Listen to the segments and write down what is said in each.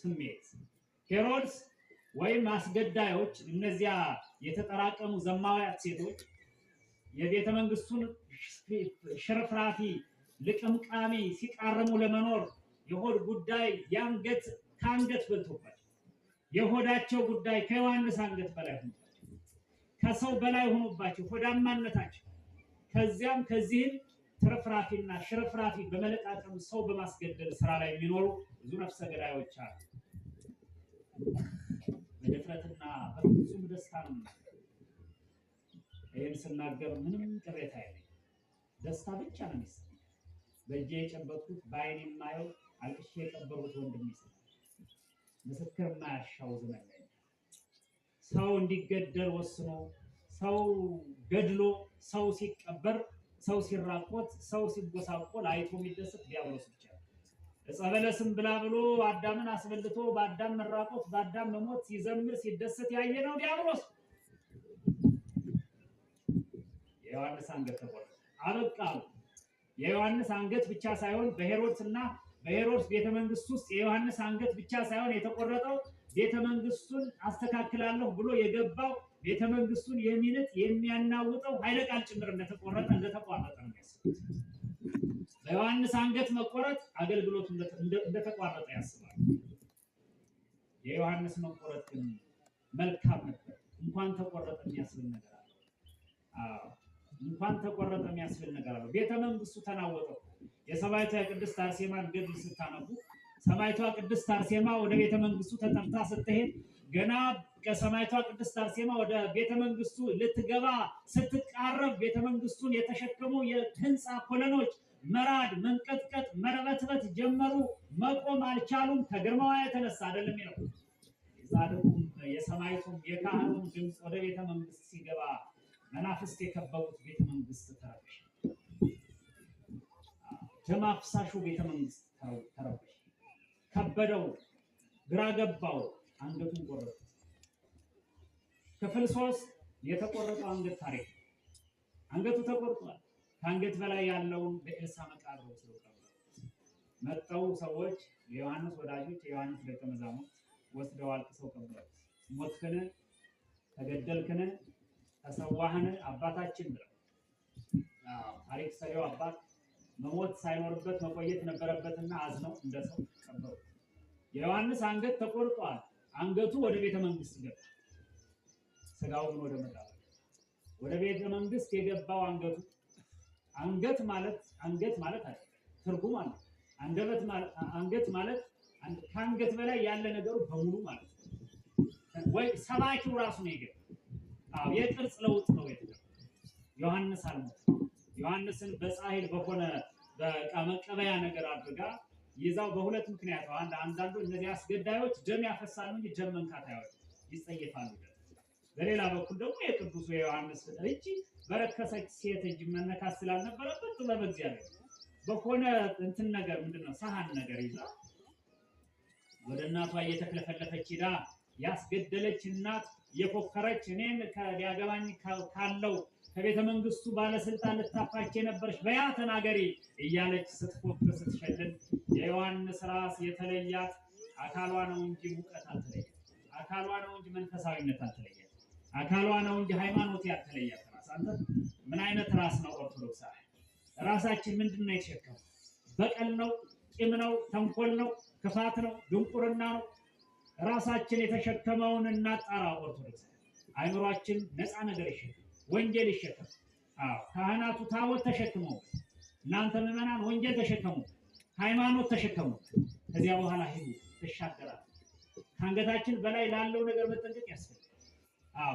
ስሜት ሄሮድስ ወይም አስገዳዮች እነዚያ የተጠራቀሙ ዘማውያት ሴቶች የቤተ መንግስቱን ሽርፍራፊ ልቅምቃሚ ሲቃርሙ ለመኖር የሆድ ጉዳይ የአንገት ከአንገት በልቶባቸው የሆዳቸው ጉዳይ ከዮሐንስ አንገት በላይ ሆኖባቸው ከሰው በላይ ሆኖባቸው ሆዳማነታቸው ከዚያም ከዚህም ትርፍራፊና ሽርፍራፊ በመለጣጠም ሰው በማስገደል ስራ ላይ የሚኖሩ ብዙ ነፍሰ ገዳዮች አሉ። በድፍረትና በፍጹም ደስታ ነው። ይህን ስናገር ምንም ቅሬታ የለኝም። ደስታ ብቻ ነው የሚሰማኝ። በእጄ የጨበጥኩት በአይን የማየው አልቅሼ የቀበሩት ወንድም ይስል ምስክር ማያሻው ዘመን ሰው እንዲገደል ወስኖ ሰው ገድሎ ሰው ሲቀበር ሰው ሲራቆት ሰው ሲጎሳቆል አይቶ የሚደሰት ዲያብሎስ ብቻ ዕፀ በለስም ብላ ብሎ አዳምን አስበልቶ በአዳም መራቆት በአዳም መሞት ሲዘምር ሲደሰት ያየ ነው ዲያብሎስ። የዮሐንስ አንገት ተቆረጠ። አበቃሉ። የዮሐንስ አንገት ብቻ ሳይሆን በሄሮድስ እና በሄሮድስ ቤተመንግስት ውስጥ የዮሐንስ አንገት ብቻ ሳይሆን የተቆረጠው ቤተመንግስቱን አስተካክላለሁ ብሎ የገባው ቤተመንግስቱን የሚንጥ የሚያናውጠው ኃይለ ቃል ጭምር እንደተቆረጠ እንደተቋረጠ ነው። በዮሐንስ አንገት መቆረጥ አገልግሎት እንደተቋረጠ ያስባል። የዮሐንስ መቆረጥ ግን መልካም ነበር። እንኳን ተቆረጠ የሚያስብል ነገር አለ። እንኳን ተቆረጠ የሚያስብል ነገር አለ። ቤተ መንግስቱ ተናወጠ። የሰማዕቷ ቅድስት አርሴማን ገድል ስታነቡ ሰማዕቷ ቅድስት አርሴማ ወደ ቤተ መንግስቱ ተጠርታ ስትሄድ ገና ከሰማዕቷ ቅድስት አርሴማ ወደ ቤተ መንግስቱ ልትገባ ስትቃረብ ቤተ መንግስቱን የተሸከሙ የህንፃ ኮለኖች መራድ፣ መንቀጥቀጥ፣ መረበትበት ጀመሩ። መቆም አልቻሉም። ከግርማዋ የተነሳ አይደለም ይለው የጻድቁም የሰማይቱም የካህኑም ድምፅ ወደ ቤተ መንግስት ሲገባ መናፍስት የከበቡት ቤተ መንግስት ተረበሸ። ደም አፍሳሹ ቤተ መንግስት ተረበሸ። ከበደው፣ ግራ ገባው፣ አንገቱን ቆረጡ። ክፍል ሶስት የተቆረጠው አንገት ታሪክ አንገቱ ተቆርጧል። ከአንገት በላይ ያለውን በኤልሳ መቃብር ወስደው ቀበሩት። መጠው ሰዎች የዮሐንስ ወዳጆች፣ የዮሐንስ ደቀ መዛሙርት ወስደው አልቅሰው ቀበሩት። ሞትክን? ተገደልክን? ተሰዋህን? አባታችን ብለው ታሪክ ሰሪው አባት መሞት ሳይኖርበት መቆየት ነበረበትና አዝነው እንደ ሰው ቀበሩት። የዮሐንስ አንገት ተቆርጧል። አንገቱ ወደ ቤተ መንግስት ገባ። ስጋው ግን ወደ መቃብር ወደ ቤተ መንግስት የገባው አንገቱ አንገት ማለት አንገት ማለት አለ ትርጉም አለ። አንደበት ማለት አንገት ማለት ከአንገት በላይ ያለ ነገሩ በሙሉ ማለት ነው። ወይ ሰባኪው ራሱ ነው የገባው። አዎ የቅርጽ ለውጥ ነው የተገባው። ዮሐንስ አለ ዮሐንስን በጻሕል በሆነ በቃ መቀበያ ነገር አድርጋ ይዛው በሁለት ምክንያት አንድ አንዳንዱ እነዚህ አስገዳዮች ደም ያፈሳሉ እንጂ ደም መንካት ይጸየፋሉ። በሌላ በኩል ደግሞ የቅዱሱ የዮሐንስ እጅ በረከሰች ሴት እጅ መነካት ስላልነበረበት ጥበብ እግዚአብሔር በሆነ እንትን ነገር ምንድነው ሰሃን ነገር ይዛ ወደ እናቷ እየተክለፈለፈች ሄዳ ያስገደለች እናት የፎከረች እኔን ከሊያገባኝ ካለው ከቤተ መንግስቱ ባለስልጣን ልታፋች የነበረች በያ ተናገሪ እያለች ስትፎክር ስትሸልል የዮሐንስ ራስ የተለያት አካሏ ነው እንጂ ሙቀት አልተለየ፣ አካሏ ነው እንጂ መንፈሳዊነት አልተለየ። አካሏ ነው እንጂ ሃይማኖት ያልተለያት ራስ። አንተ ምን አይነት ራስ ነው? ኦርቶዶክስ ራሳችን ምንድን ነው የተሸከመው? በቀል ነው? ቂም ነው? ተንኮል ነው? ክፋት ነው? ድንቁርና ነው? ራሳችን የተሸከመውን እናጣራ። ኦርቶዶክስ አይምሯችን ነፃ ነገር ይሸከም፣ ወንጀል ይሸከም። ካህናቱ ታቦት ተሸክመው፣ እናንተ ምዕመናን ወንጀል ተሸከሙ፣ ሃይማኖት ተሸከሙ። ከዚያ በኋላ ይሄ ትሻገራል። ከአንገታችን በላይ ላለው ነገር መጠንቀቅ ያስፈልጋል።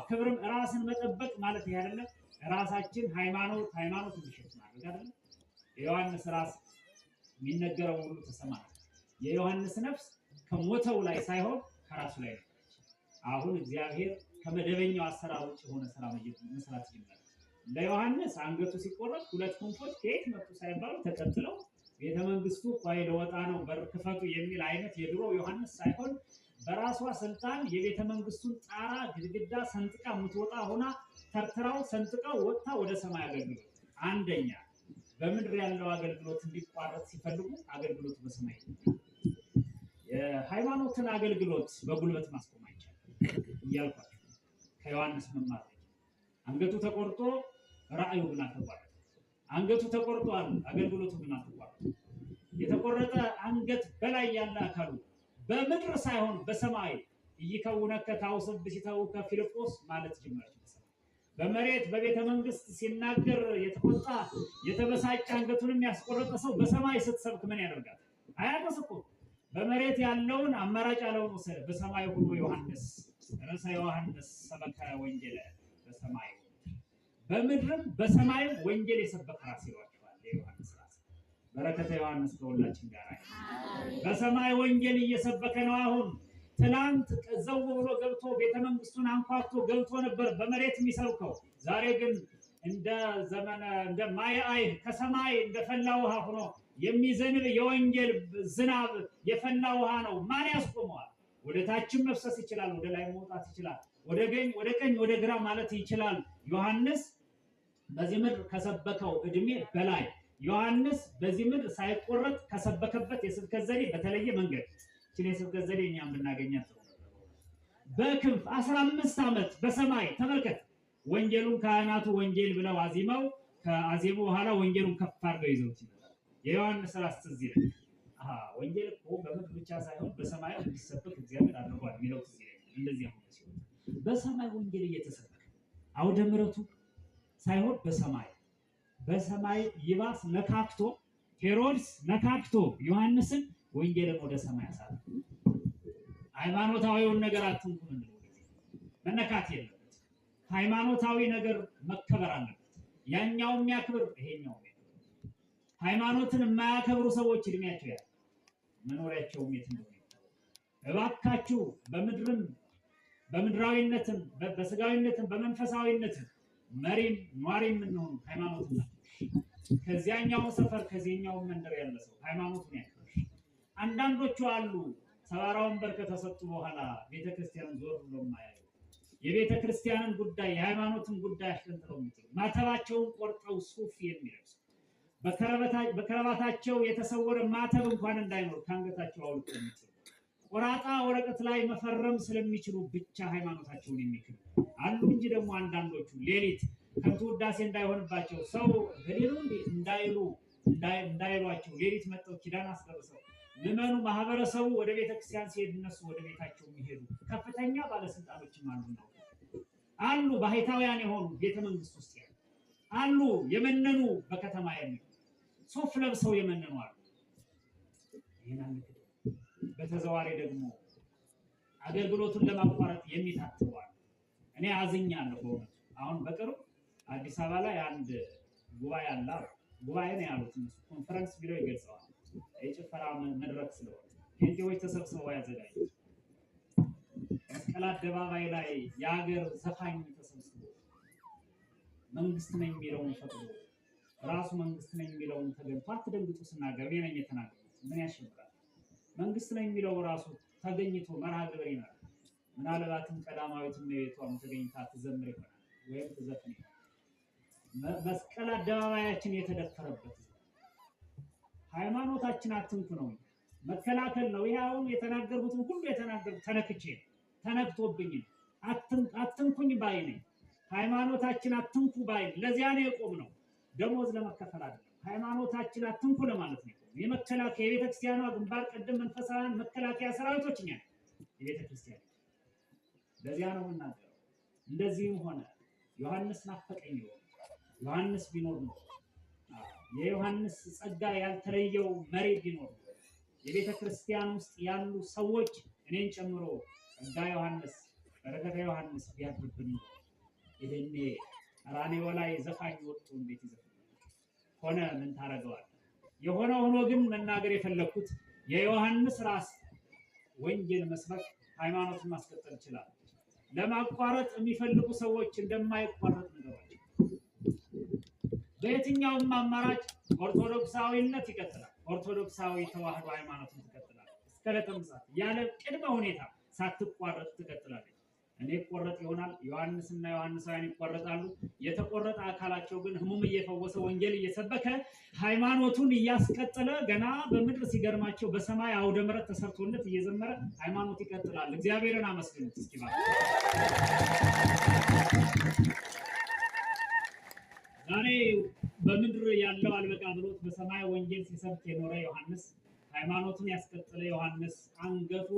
ክብርም ራስን መጠበቅ ማለት ይሄ አይደለም። ራሳችን ሃይማኖት ሃይማኖት እንሸት ማድረግ አይደለም። የዮሐንስ ራስ የሚነገረው ሁሉ ተሰማ። የዮሐንስ ነፍስ ከሞተው ላይ ሳይሆን ከራሱ ላይ ነው። አሁን እግዚአብሔር ከመደበኛው አሰራር ውጭ የሆነ ስራ መስራት ጀመረ። ለዮሐንስ አንገቱ ሲቆረጥ ሁለት ክንፎች ከየት መጡ ሳይባሉ ተቀጥለው ቤተመንግስቱ ቆይ ለወጣ ነው በር ክፈቱ የሚል አይነት የድሮ ዮሐንስ ሳይሆን በራሷ ስልጣን የቤተ መንግስቱን ጣራ ግድግዳ ሰንጥቃ ምትወጣ ሆና ተርትራው ሰንጥቀው ወጥታ ወደ ሰማይ አገልግሎት አንደኛ በምድር ያለው አገልግሎት እንዲቋረጥ ሲፈልጉ አገልግሎት በሰማይ የሃይማኖትን አገልግሎት በጉልበት ማስቆም አይቻልም እያልኳቸው ከዮሐንስ መማር አንገቱ ተቆርጦ ራእዩ ግን አልተቋረጠ። አንገቱ ተቆርጧል፣ አገልግሎቱ ግን አልተቋረጠ። የተቆረጠ አንገት በላይ ያለ አካሉ በምድር ሳይሆን በሰማይ እይከውነከ ታውስብ ሲተውከ ከፊልጶስ ማለት ጀመር። በመሬት በቤተ መንግስት ሲናገር የተቆጣ የተበሳጨ አንገቱንም ያስቆረጠ ሰው በሰማይ ስትሰብክ ምን ያደርጋል? አያውቅስ እኮ በመሬት ያለውን አማራጭ ያለውን ወሰደ። በሰማይ ሁሉ ዮሐንስ ርዕሰ ዮሐንስ ሰበከ ወንጌለ በሰማይ በምድርም በሰማይም ወንጌል የሰበከ ራስ ይሏል። በረከተ ዮሐንስ ከሁላችን ጋር በሰማይ ወንጌል እየሰበከ ነው። አሁን ትላንት ዘው ብሎ ገብቶ ቤተ መንግስቱን አንኳኩቶ ገብቶ ነበር በመሬት የሚሰብከው። ዛሬ ግን እንደ ዘመነ እንደ ማየ አይ ከሰማይ እንደ ውሃ ሆኖ የሚዘንብ የወንጌል ዝናብ የፈላ ውሃ ነው። ማን ያስቆመዋል? ወደ ታችም መፍሰስ ይችላል፣ ወደ ላይ መውጣት ይችላል፣ ወደ ቀኝ ወደ ቀኝ ወደ ግራ ማለት ይችላል። ዮሐንስ በዚህ ምድር ከሰበከው እድሜ በላይ ዮሐንስ በዚህ ምድር ሳይቆረጥ ከሰበከበት የስብከት ዘዴ በተለየ መንገድ ችን የስብከት ዘዴ እኛ ብናገኛት በክንፍ አስራ አምስት ዓመት በሰማይ ተመልከት። ወንጌሉን ካህናቱ ወንጌል ብለው አዚመው ከአዜሙ በኋላ ወንጌሉን ከፍ አድርገው ይዘውት የዮሐንስ ራስ ትዝ ይለኝ። ወንጌል እኮ በምድር ብቻ ሳይሆን በሰማይ እንዲሰበክ እግዚአብሔር አድርጓል የሚለው ትዝ ይለኛል። እንደዚህ በሰማይ ወንጌል እየተሰበከ አውደ ምሕረቱ ሳይሆን በሰማይ በሰማይ ይባስ መካክቶ ሄሮድስ መካክቶ ዮሐንስን ወንጌልን ወደ ሰማይ አሳለ። ሃይማኖታዊውን ነገር አትንኩ ነው መነካት የለበት። ሃይማኖታዊ ነገር መከበር አለበት። ያኛው የሚያክብር ይሄኛው ሃይማኖትን የማያከብሩ ሰዎች እድሜያቸው ያ መኖሪያቸው የት እንደሆነ እባካችሁ በምድርም በምድራዊነትም በስጋዊነትም በመንፈሳዊነትም መሪም ኗሪም የምንሆኑ ሃይማኖትና ከዚያኛው ሰፈር ከዚህኛው መንደር ያለ ሰው ሃይማኖቱን ያክብር። አንዳንዶቹ አሉ ሰባራ ወንበር ከተሰጡ በኋላ ቤተክርስቲያን ዞር ብሎ ማያዩ የቤተ ክርስቲያንን ጉዳይ የሃይማኖትን ጉዳይ አሽቀንጥረው የሚጥሉ ማተባቸውን ቆርጠው ሱፍ የሚለብሱ በከረባታቸው የተሰወረ ማተብ እንኳን እንዳይኖር ከአንገታቸው አውልቆ የሚጥሉ ቆራጣ ወረቀት ላይ መፈረም ስለሚችሉ ብቻ ሃይማኖታቸውን የሚክሉ አሉ እንጂ ደግሞ አንዳንዶቹ ሌሊት ከንቱ ውዳሴ እንዳይሆንባቸው ሰው ገሌሉ እንዳይሉ እንዳይሏቸው ሌሊት መጠው ኪዳን አስደርሰው ልመኑ ማህበረሰቡ ወደ ቤተክርስቲያን ሲሄድ እነሱ ወደ ቤታቸው የሚሄዱ ከፍተኛ ባለስልጣኖችም አሉ ነው አሉ ባህታውያን የሆኑ ቤተመንግስት ውስጥ ያሉ አሉ የመነኑ በከተማ ያሉ ሱፍ ለብሰው የመነኑ አሉ። በተዘዋሪ ደግሞ አገልግሎቱን ለማቋረጥ አሉ። እኔ አዝኛለሁ በእውነቱ አሁን በቅርብ አዲስ አበባ ላይ አንድ ጉባኤ አለ። ጉባኤ ነው ያሉት ኮንፈረንስ ቢለው ይገልጸዋል። የጭፈራ መድረክ ስለሆነ ጌጤዎች ተሰብስበው ያዘጋጁት መስቀል አደባባይ ላይ የሀገር ዘፋኝ ተሰብስቦ መንግስት ነኝ የሚለውን ፈቅዶ ራሱ መንግስት ነኝ የሚለውን ተገኝቶ አትደንግጡ፣ ስናገር እኔ ነኝ የተናገርኩት ምን ያሸብራል? መንግስት ነኝ የሚለው ራሱ ተገኝቶ መርሃ ግብር ይመራል። ምናልባትም ቀዳማዊት እመቤቷም ተገኝታ ትዘምር ይሆናል ወይም ትዘፍን ይሆናል። መስቀል አደባባያችን የተደፈረበት ሃይማኖታችን አትንኩ ነው፣ መከላከል ነው። ይህ አሁን የተናገርኩትን ሁሉ የተናገርኩት ተነክቼ ተነክቶብኝ አትንኩኝ ባይ ነኝ። ሃይማኖታችን አትንኩ ባይ ለዚያ ነው የቆም ነው። ደሞዝ ለመከፈል አለ ሃይማኖታችን አትንኩ ለማለት ነው። የመከላከያ የቤተክርስቲያኗ ግንባር ቀደም መንፈሳውያን መከላከያ ሰራዊቶች እኛ የቤተክርስቲያን ለዚያ ነው የምናገረው። እንደዚህም ሆነ ዮሐንስ ናፈቀኝ ይሆን ዮሐንስ ቢኖር ነው የዮሐንስ ጸጋ ያልተለየው መሪ ቢኖር ነው የቤተ ክርስቲያን ውስጥ ያሉ ሰዎች እኔን ጨምሮ ጸጋ ዮሐንስ፣ በረከተ ዮሐንስ ቢያድርብን ይህኔ ራኔዎ ላይ ዘፋኝ ወጡ እንዴት ይዘፍ ሆነ ምን ታደርገዋል። የሆነ ሆኖ ግን መናገር የፈለግኩት የዮሐንስ ራስ ወንጌል መስበክ ሃይማኖትን ማስቀጠል ይችላል። ለማቋረጥ የሚፈልጉ ሰዎች እንደማይቋረጥ ነገር በየትኛውም አማራጭ ኦርቶዶክሳዊነት ይቀጥላል። ኦርቶዶክሳዊ ተዋህዶ ሃይማኖትን ትቀጥላል። እስከ ዕለተ ምጽአት ያለ ቅድመ ሁኔታ ሳትቋረጥ ትቀጥላለች። እኔ ቆረጥ ይሆናል። ዮሐንስና ዮሐንሳውያን ይቆረጣሉ። የተቆረጠ አካላቸው ግን ህሙም እየፈወሰ ወንጌል እየሰበከ ሃይማኖቱን እያስቀጠለ ገና በምድር ሲገርማቸው በሰማይ አውደ ምሕረት ተሰርቶለት እየዘመረ ሃይማኖት ይቀጥላል። እግዚአብሔርን አመስግኑት እስኪ ዛሬ በምድር ያለው አልበቃ ብሎት በሰማይ ወንጌል ሲሰብክ የኖረ ዮሐንስ፣ ሃይማኖትን ያስቀጠለ ዮሐንስ አንገቱ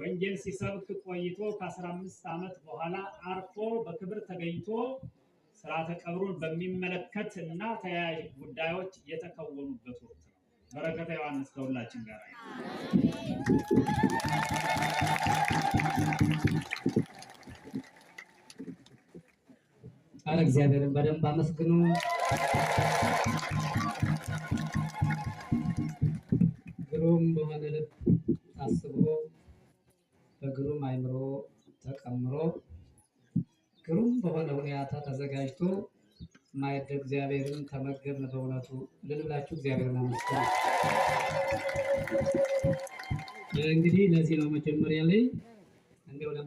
ወንጌል ሲሰብክ ቆይቶ ከ15 ዓመት በኋላ አርፎ በክብር ተገኝቶ ስርዓተ ቀብሩን በሚመለከት እና ተያያዥ ጉዳዮች የተከወኑበት ወቅት ነው። በረከተ ዮሐንስ ከሁላችን ጋር። አረ እግዚአብሔርን በደንብ አመስግኑ። ግሩም በሆነ ልብ ታስቦ በግሩም አይምሮ ተቀምሮ ግሩም በሆነ ሁኔታ ተዘጋጅቶ ማየት እግዚአብሔርን ተመገብን። በእውነቱ ልንብላችሁ እግዚአብሔርን አመስግኑ። እንግዲህ ለዚህ ነው መጀመሪያ ላይ እንደው